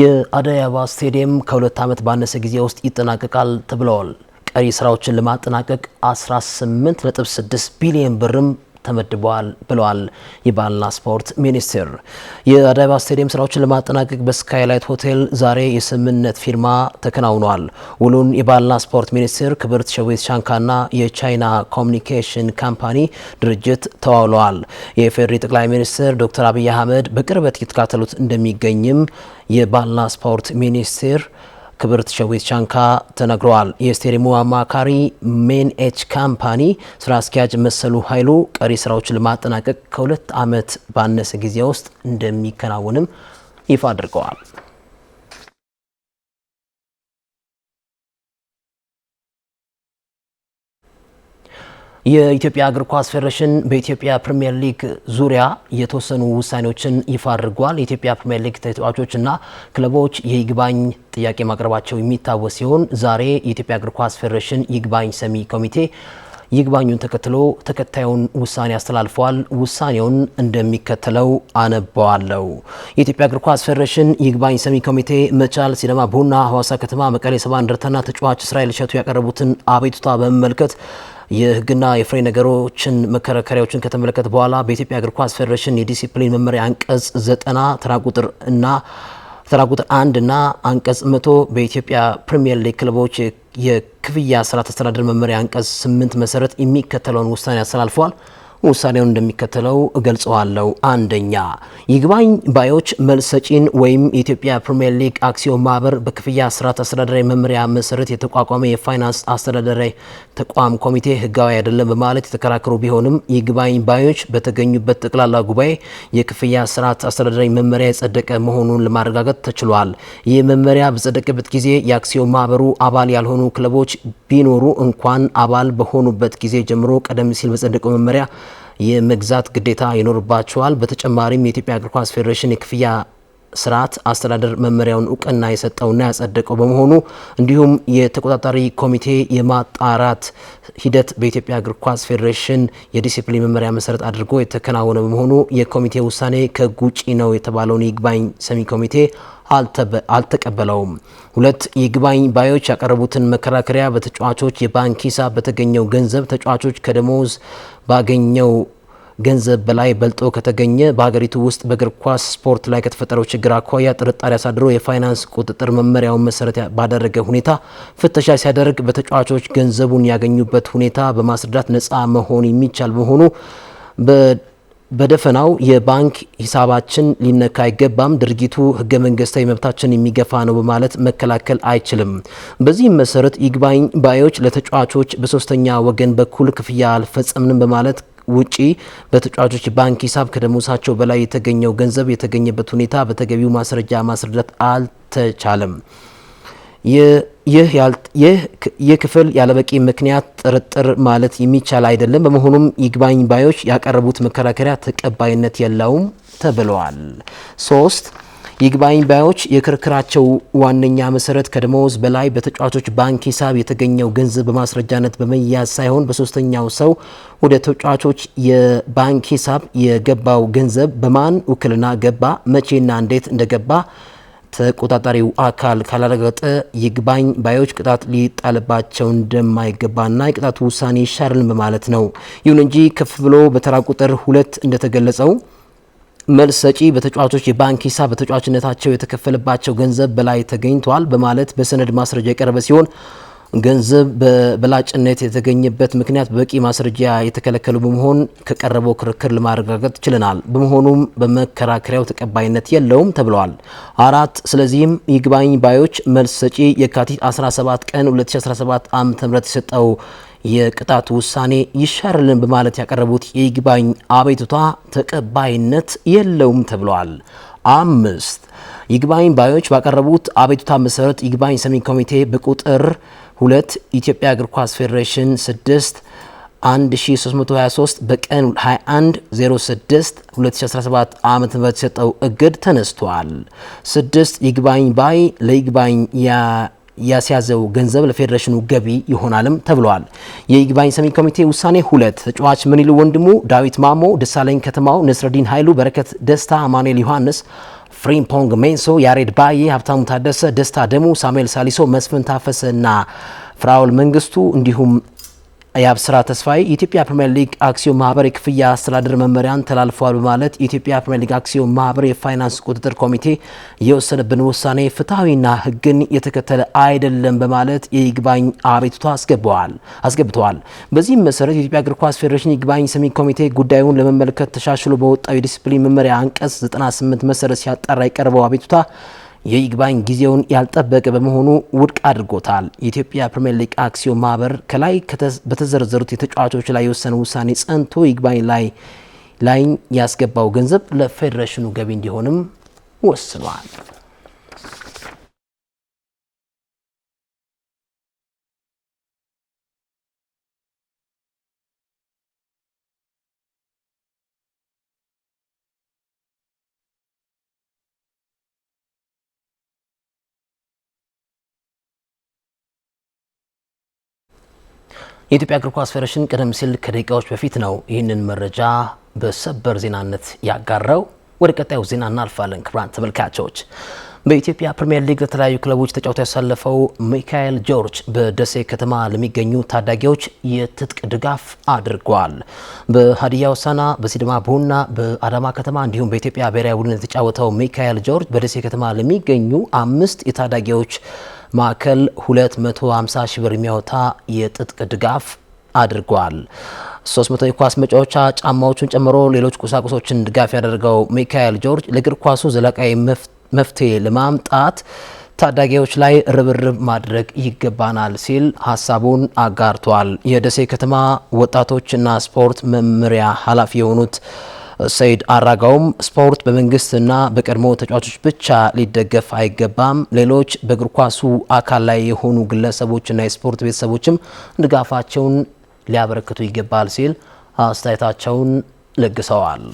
የአደይ አበባ ስቴዲየም ከሁለት ዓመት ባነሰ ጊዜ ውስጥ ይጠናቀቃል ተብለዋል። ቀሪ ስራዎችን ለማጠናቀቅ 18.6 ቢሊዮን ብርም ተመድበዋል ብለዋል የባህልና ስፖርት ሚኒስቴር። የአዳባ ስቴዲየም ስራዎችን ለማጠናቀቅ በስካይላይት ሆቴል ዛሬ የስምምነት ፊርማ ተከናውኗል። ውሉን የባህልና ስፖርት ሚኒስቴር ክብርት ሸዊት ሻንካና የቻይና ኮሚኒኬሽን ካምፓኒ ድርጅት ተዋውለዋል። የኢፌዴሪ ጠቅላይ ሚኒስትር ዶክተር አብይ አህመድ በቅርበት እየተከታተሉት እንደሚገኝም የባህልና ስፖርት ሚኒስቴር ክብርት ሸዊት ሻንካ ተነግረዋል። የስቴሪሙ አማካሪ ሜን ኤች ካምፓኒ ስራ አስኪያጅ መሰሉ ኃይሉ ቀሪ ስራዎችን ለማጠናቀቅ ከሁለት ዓመት ባነሰ ጊዜ ውስጥ እንደሚከናወንም ይፋ አድርገዋል። የኢትዮጵያ እግር ኳስ ፌዴሬሽን በኢትዮጵያ ፕሪምየር ሊግ ዙሪያ የተወሰኑ ውሳኔዎችን ይፋ አድርጓል። የኢትዮጵያ ፕሪምየር ሊግ ተጫዋቾችና ክለቦች የይግባኝ ጥያቄ ማቅረባቸው የሚታወስ ሲሆን ዛሬ የኢትዮጵያ እግር ኳስ ፌዴሬሽን ይግባኝ ሰሚ ኮሚቴ ይግባኙን ተከትሎ ተከታዩን ውሳኔ አስተላልፈዋል። ውሳኔውን እንደሚከተለው አነባዋለሁ። የኢትዮጵያ እግር ኳስ ፌዴሬሽን ይግባኝ ሰሚ ኮሚቴ መቻል፣ ሲዳማ ቡና፣ ሐዋሳ ከተማ፣ መቀሌ ሰባ እንደርታና ተጫዋች እስራኤል እሸቱ ያቀረቡትን አቤቱታ በመመልከት የህግና የፍሬ ነገሮችን መከራከሪያዎችን ከተመለከተ በኋላ በኢትዮጵያ እግር ኳስ ፌዴሬሽን የዲሲፕሊን መመሪያ አንቀጽ ዘጠና ተራ ቁጥር እና ተራ ቁጥር አንድ እና አንቀጽ መቶ በኢትዮጵያ ፕሪሚየር ሊግ ክለቦች የክፍያ ስርዓት አስተዳደር መመሪያ አንቀጽ ስምንት መሰረት የሚከተለውን ውሳኔ አስተላልፏል። ውሳኔውን እንደሚከተለው እገልጸዋለሁ። አንደኛ ይግባኝ ባዮች መልስ ሰጪን ወይም የኢትዮጵያ ፕሪምየር ሊግ አክሲዮን ማህበር በክፍያ ስርዓት አስተዳደራዊ መመሪያ መሰረት የተቋቋመ የፋይናንስ አስተዳደራዊ ተቋም ኮሚቴ ህጋዊ አይደለም በማለት የተከራከሩ ቢሆንም ይግባኝ ባዮች በተገኙበት ጠቅላላ ጉባኤ የክፍያ ስርዓት አስተዳደራዊ መመሪያ የጸደቀ መሆኑን ለማረጋገጥ ተችሏል። ይህ መመሪያ በጸደቀበት ጊዜ የአክሲዮን ማህበሩ አባል ያልሆኑ ክለቦች ቢኖሩ እንኳን አባል በሆኑበት ጊዜ ጀምሮ ቀደም ሲል በጸደቀው መመሪያ የመግዛት ግዴታ ይኖርባቸዋል። በተጨማሪም የኢትዮጵያ እግር ኳስ ፌዴሬሽን የክፍያ ስርዓት አስተዳደር መመሪያውን እውቅና የሰጠውና ያጸደቀው በመሆኑ እንዲሁም የተቆጣጣሪ ኮሚቴ የማጣራት ሂደት በኢትዮጵያ እግር ኳስ ፌዴሬሽን የዲሲፕሊን መመሪያ መሰረት አድርጎ የተከናወነ በመሆኑ የኮሚቴ ውሳኔ ከጉጪ ነው የተባለውን ይግባኝ ሰሚ ኮሚቴ አልተቀበለውም። ሁለት ይግባኝ ባዮች ያቀረቡትን መከራከሪያ በተጫዋቾች የባንክ ሂሳብ በተገኘው ገንዘብ ተጫዋቾች ከደሞዝ ባገኘው ገንዘብ በላይ በልጦ ከተገኘ በሀገሪቱ ውስጥ በእግር ኳስ ስፖርት ላይ ከተፈጠረው ችግር አኳያ ጥርጣሬ አሳድሮ የፋይናንስ ቁጥጥር መመሪያውን መሰረት ባደረገ ሁኔታ ፍተሻ ሲያደርግ በተጫዋቾች ገንዘቡን ያገኙበት ሁኔታ በማስረዳት ነፃ መሆን የሚቻል መሆኑ በደፈናው የባንክ ሂሳባችን ሊነካ አይገባም፣ ድርጊቱ ህገ መንግስታዊ መብታችን የሚገፋ ነው በማለት መከላከል አይችልም። በዚህም መሰረት ይግባኝ ባዮች ለተጫዋቾች በሶስተኛ ወገን በኩል ክፍያ አልፈጸምንም በማለት ውጪ በተጫዋቾች ባንክ ሂሳብ ከደሞሳቸው በላይ የተገኘው ገንዘብ የተገኘበት ሁኔታ በተገቢው ማስረጃ ማስረዳት አልተቻለም። ይህ ይህ ክፍል ያለበቂ ምክንያት ጥርጥር ማለት የሚቻል አይደለም። በመሆኑም ይግባኝ ባዮች ያቀረቡት መከራከሪያ ተቀባይነት የለውም ተብለዋል። ሶስት ይግባኝ ባዮች የክርክራቸው ዋነኛ መሰረት ከደሞዝ በላይ በተጫዋቾች ባንክ ሂሳብ የተገኘው ገንዘብ በማስረጃነት በመያዝ ሳይሆን በሶስተኛው ሰው ወደ ተጫዋቾች የባንክ ሂሳብ የገባው ገንዘብ በማን ውክልና ገባ፣ መቼና እንዴት እንደገባ ተቆጣጣሪው አካል ካላረጋገጠ ይግባኝ ባዮች ቅጣት ሊጣልባቸው እንደማይገባና የቅጣቱ ውሳኔ ይሻርን በማለት ነው። ይሁን እንጂ ከፍ ብሎ በተራ ቁጥር ሁለት እንደተገለጸው መልስ ሰጪ በተጫዋቾች የባንክ ሂሳብ በተጫዋችነታቸው የተከፈለባቸው ገንዘብ በላይ ተገኝቷል በማለት በሰነድ ማስረጃ የቀረበ ሲሆን ገንዘብ በበላጭነት የተገኘበት ምክንያት በቂ ማስረጃ የተከለከሉ በመሆን ከቀረበው ክርክር ለማረጋገጥ ችለናል። በመሆኑም በመከራከሪያው ተቀባይነት የለውም ተብለዋል። አራት ስለዚህም ይግባኝ ባዮች መልስ ሰጪ የካቲት 17 ቀን 2017 ዓ.ም የሰጠው የቅጣት ውሳኔ ይሻርልን በማለት ያቀረቡት የይግባኝ አቤቱታ ተቀባይነት የለውም ተብለዋል። አምስት ይግባኝ ባዮች ባቀረቡት አቤቱታ መሰረት ይግባኝ ሰሚ ኮሚቴ በቁጥር ሁለት ኢትዮጵያ እግር ኳስ ፌዴሬሽን ስድስት 1323 በቀን 21 06 2017 ዓ ም የሰጠው እግድ ተነስቷል። ስድስት ይግባኝ ባይ ለይግባኝ ያስያዘው ገንዘብ ለፌዴሬሽኑ ገቢ ይሆናልም ተብሏል። የይግባኝ ሰሚ ኮሚቴ ውሳኔ ሁለት ተጫዋች ምንይሉ ወንድሙ፣ ዳዊት ማሞ፣ ደሳለኝ ከተማው፣ ነስረዲን ኃይሉ፣ በረከት ደስታ፣ አማኑኤል ዮሐንስ ፍሪምፖንግ ሜንሶ፣ ያሬድ ባዬ፣ ሀብታሙ ታደሰ፣ ደስታ ደሞ፣ ሳሙኤል ሳሊሶ፣ መስፍን ታፈሰ እና ፍራውል መንግስቱ እንዲሁም የአብስራ ተስፋዬ የኢትዮጵያ ፕሪምየር ሊግ አክሲዮን ማህበር የክፍያ አስተዳደር መመሪያን ተላልፏል በማለት የኢትዮጵያ ፕሪምየር ሊግ አክሲዮን ማህበር የፋይናንስ ቁጥጥር ኮሚቴ የወሰነብን ውሳኔ ፍትሐዊና ሕግን የተከተለ አይደለም በማለት የይግባኝ አቤቱታ አስገብተዋል። በዚህም መሰረት የኢትዮጵያ እግር ኳስ ፌዴሬሽን ይግባኝ ሰሚ ኮሚቴ ጉዳዩን ለመመልከት ተሻሽሎ በወጣው የዲስፕሊን መመሪያ አንቀጽ 98 መሰረት ሲያጣራ የቀረበው አቤቱታ የይግባኝ ጊዜውን ያልጠበቀ በመሆኑ ውድቅ አድርጎታል። የኢትዮጵያ ፕሪምየር ሊግ አክሲዮን ማህበር ከላይ በተዘረዘሩት የተጫዋቾች ላይ የወሰነ ውሳኔ ጸንቶ ይግባኝ ላይ ላይን ያስገባው ገንዘብ ለፌዴሬሽኑ ገቢ እንዲሆንም ወስኗል። የኢትዮጵያ እግር ኳስ ፌዴሬሽን ቀደም ሲል ከደቂቃዎች በፊት ነው ይህንን መረጃ በሰበር ዜናነት ያጋራው። ወደ ቀጣዩ ዜና እናልፋለን። ክብራን ተመልካቾች በኢትዮጵያ ፕሪምየር ሊግ ለተለያዩ ክለቦች ተጫውቶ ያሳለፈው ሚካኤል ጆርጅ በደሴ ከተማ ለሚገኙ ታዳጊዎች የትጥቅ ድጋፍ አድርጓል። በሀዲያ ሆሳዕና፣ በሲዳማ ቡና፣ በአዳማ ከተማ እንዲሁም በኢትዮጵያ ብሔራዊ ቡድን የተጫወተው ሚካኤል ጆርጅ በደሴ ከተማ ለሚገኙ አምስት የታዳጊዎች ማዕከል 250 ሺህ ብር የሚያወጣ የትጥቅ ድጋፍ አድርጓል። 300 የኳስ መጫወቻ ጫማዎቹን ጨምሮ ሌሎች ቁሳቁሶችን ድጋፍ ያደረገው ሚካኤል ጆርጅ ለእግር ኳሱ ዘላቃዊ መፍትሄ ለማምጣት ታዳጊዎች ላይ ርብርብ ማድረግ ይገባናል ሲል ሀሳቡን አጋርቷል። የደሴ ከተማ ወጣቶችና ስፖርት መምሪያ ኃላፊ የሆኑት ሰይድ አራጋውም ስፖርት በመንግስትና በቀድሞ ተጫዋቾች ብቻ ሊደገፍ አይገባም፣ ሌሎች በእግር ኳሱ አካል ላይ የሆኑ ግለሰቦችና የስፖርት ቤተሰቦችም ድጋፋቸውን ሊያበረክቱ ይገባል ሲል አስተያየታቸውን ለግሰዋል።